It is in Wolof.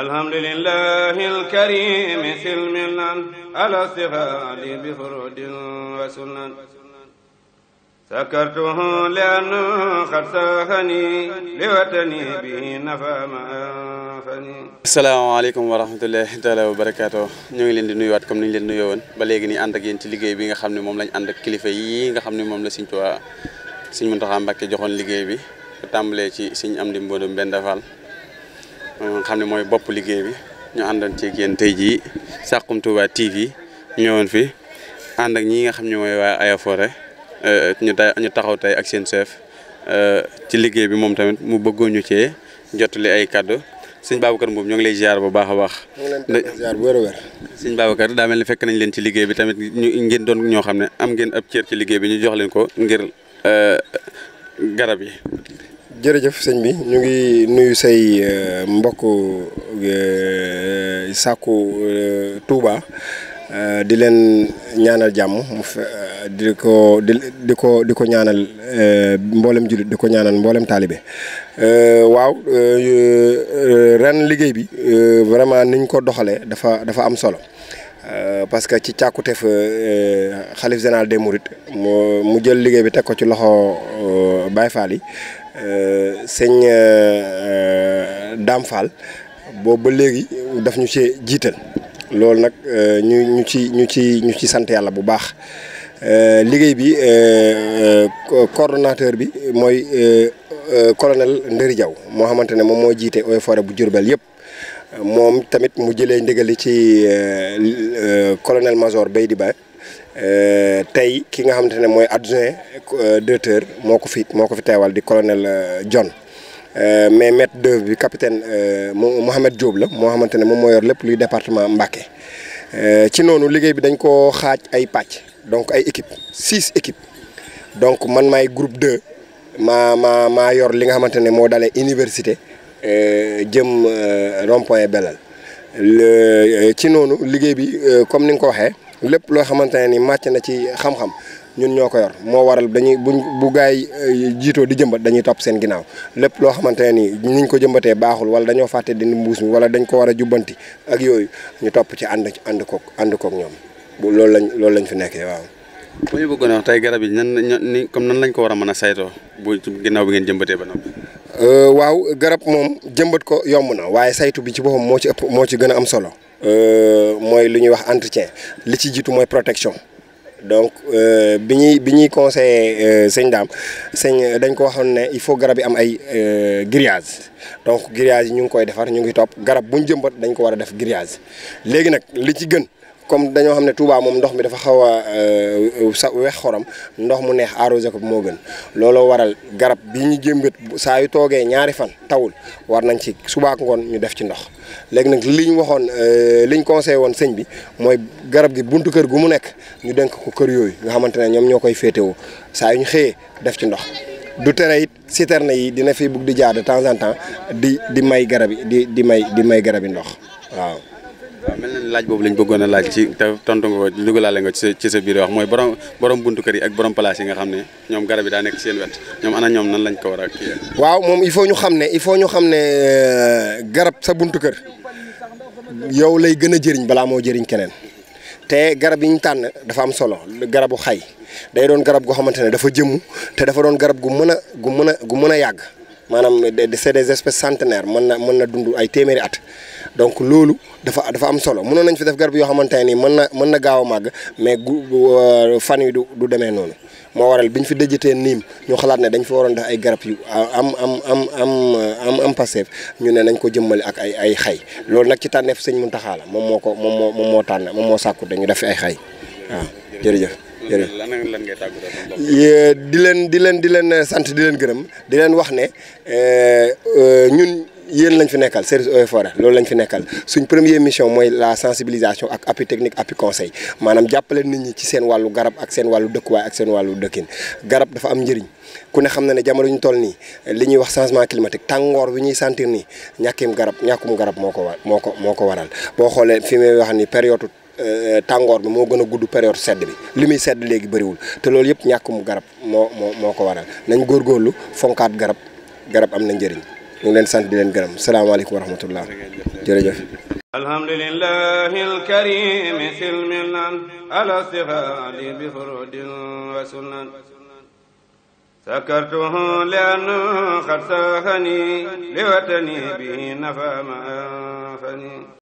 alhamdulillahi alkarimi silmilan alastifaad bifurud wa sunan sakartuhu lianna qad saafani liwatani bihi nafa ma anfani asalaamaaleykum wa rahmatullahi taala wa barakaatu leen di nuyuwaat comme ni ñu leen nuyoo woon ba léegi nii ànd ak yéen ci liggéey bi nga xam ne moom lañ ànd ak kilifa nga xam ni moom la Sëriñ Tuubaa Sëriñ Muntaxa Mbàkke joxoon liggéey bi tàmbalee ci Sëriñ am Mboodu Mbenda nga xam ne mooy bopp liggéey bi ñu àndan ci yéen tey jii Saxum Touba TV ñëwoon fi ànd ak ñi nga xam ne mooy waa Aya Foré euh, ñu taxaw tey ak seen chef euh, ci liggéey bi moom tamit mu bëggoon ñu cee jottali ay kàddu sëñ Babacar Mbuub ñoo ngi lay ziar bu baax a baax. ziar bu daa mel ni fekk nañ leen ci liggéey bi tamit ñu ngeen doon ñoo xam ne am ngeen ab cër ci liggéey bi ñu jox leen ko ngir euh, garab yi. jërëjëf sëñ bi ñu ngi nuyu say euh, mbokk euh, sàkku euh, Touba di leen ñaanal jàmm di ko di ko di ko ñaanal mboolem jullit di ko ñaanal mboolem taalibe waaw ren liggéey bi vraiment niñ ko doxalee dafa dafa am solo. Euh, parce que ci càkkuteef xalif euh, général des Mourides moo mu jël liggéey bi teg ko ci loxo euh, Baye Fall yi sëñ Dame Fall boobu ba léegi daf ñu ci jiital loolu nag ñu ñu ci ñu ci ñu ci sant yàlla bu baax liggéey bi coordonnateur bi mooy colonel Ndëri Diaw moo xamante ne moom mooy jiite Eaux et bu Diourbel yëpp. moom tamit mu jëlee ndigali ci euh, euh, colonel major Beydi Ba euh, tey ki nga xamante ne mooy adjoint directeur moo ko fi moo ko fi teewal di colonel John mais maître deux bi capitaine Mohamed Diop la moo xamante ne moom moo yor lépp luy département Mbacké ci noonu liggéey bi dañ ko xaaj ay pàcc donc ay équipe six équipes donc man maay groupe deux maa ma maa yor li nga xamante ne moo dalee université Euh, jëm euh, rond-point Belel euh, ci noonu liggéey bi comme ni nga ko waxee lépp loo xamante ne ni màcc na ci xam-xam ñun ñoo ko yor moo waral dañuy buñ bu gaay jiitoo di jëmbat dañuy topp seen ginnaaw lépp loo xamante ne ni niñ ko jëmbatee baaxul wala dañoo fàtte di mbuus mi wala dañ ko war a jubbanti ak yooyu ñu topp ci ànd ci koog ànd koog ñoom bu loolu lañ loolu lañ fi nekkee waaw. bu ñu bëggoon a tey garab yi nan ni comme nan lañ ko war a mën a saytoo bu ginnaaw bi ngeen jëmbatee ba noppi Euh, waaw garab moom jëmbat ko yomb na waaye saytu bi ci boppam moo ci ëpp moo ci gën a am solo euh, mooy lu ñuy wax entretien li ci jiitu mooy protection donc euh, bi ñuy bi ñuy conseillé sëñ daam sëñ dañ ko waxoon ne il faut garab yi am ay grillage donc grillage yi ñu ngi koy defar ñu ngi topp garab bu ñu jëmbat dañ ko war a def grillage léegi nag li ci gën comme dañoo xam ne Touba moom ndox mi dafa xaw a euh, sa wex xorom ndox mu neex arrosé ko moo gën looloo waral garab bi ñu jëmbat saa yu toogee ñaari fan tawul war nañ ci subaak ngoon ñu def ci ndox léegi nag liñ waxoon euh, liñ conseillé woon sëñ bi mooy garab gi buntu kër gu mu nekk ñu denk ko kër yooyu nga xamante ne ñoom ñoo koy féetewoo saa yu ñu xëyee def ci ndox du tere it citerne yi dina fi bugg di jaar de temps en di di may garab yi di di may di may garab yi ndox laaj boobu lañ bëggoon a laaj ci te tontu nga ko dugalaale nga ci sa ci sa biir wax mooy borom borom buntu kër yi ak borom place yi nga xam ne ñoom garab yi daa nekk seen wet ñoom ana ñoom nan lañ ko war a kii waaw moom il faut ñu xam il faut ñu xam ne euh, garab sa buntu kër yow lay gën a jëriñ balaa moo jëriñ keneen te garab yi ñu tànn dafa am solo garabu xay day doon garab goo xamante ne dafa jëmu te dafa doon garab gu mën a gu mën a gu mën a yàgg maanaam c'est des espèces centenaires mën na mën na dund ay téeméeri at donc loolu dafa dafa am solo mënoon nañ fi def garab yoo xamante ne nii mën na mën na gaaw a màgg mais gu euh, fan yi du du demee noonu moo waral bi ñu fi dëjatee niim ñu xalaat ne dañ fi waroon def ay garab yu am am am am am am passé ñu ne nañ ko jëmmali ak ay ay xay loolu nag ci tànneef sëñ mun taxaala moom moo ko moom moo moom moo tànn moom moo sàkku dañu def fi ay xay waaw jërëjëf. jërëjëf lan ngay tàggatoo di leen di leen di leen sant di leen gërëm di leen wax ne eh, euh, ñun. yéen lañ fi nekkal service eaux et loolu lañ fi nekkal suñ première mission mooy la sensibilisation ak appui technique appui conseil maanaam jàppale nit ñi ci seen wàllu garab ak seen wàllu dëkkuwaay ak seen wàllu dëkkin garab dafa am njëriñ ku ne xam na ne jamono ñu toll nii li ñuy wax changement climatique tàngoor bi ñuy sentir nii ñàkkim garab ñàkkum garab moo ko wa moo ko moo ko waral boo xoolee fi may wax ni période euh, tàngoor bi moo gën a gudd période sedd bi li muy sedd léegi bëriwul te loolu yëpp ñàkkum garab moo moo moo ko waral nañ góorgóorlu fonkaat garab garab am na njëriñ ñu ngi leen sant alkarim silmilan ala sihadi bi furudin wa sunan sakartuhu lianu xad saxani liwatani bi nafa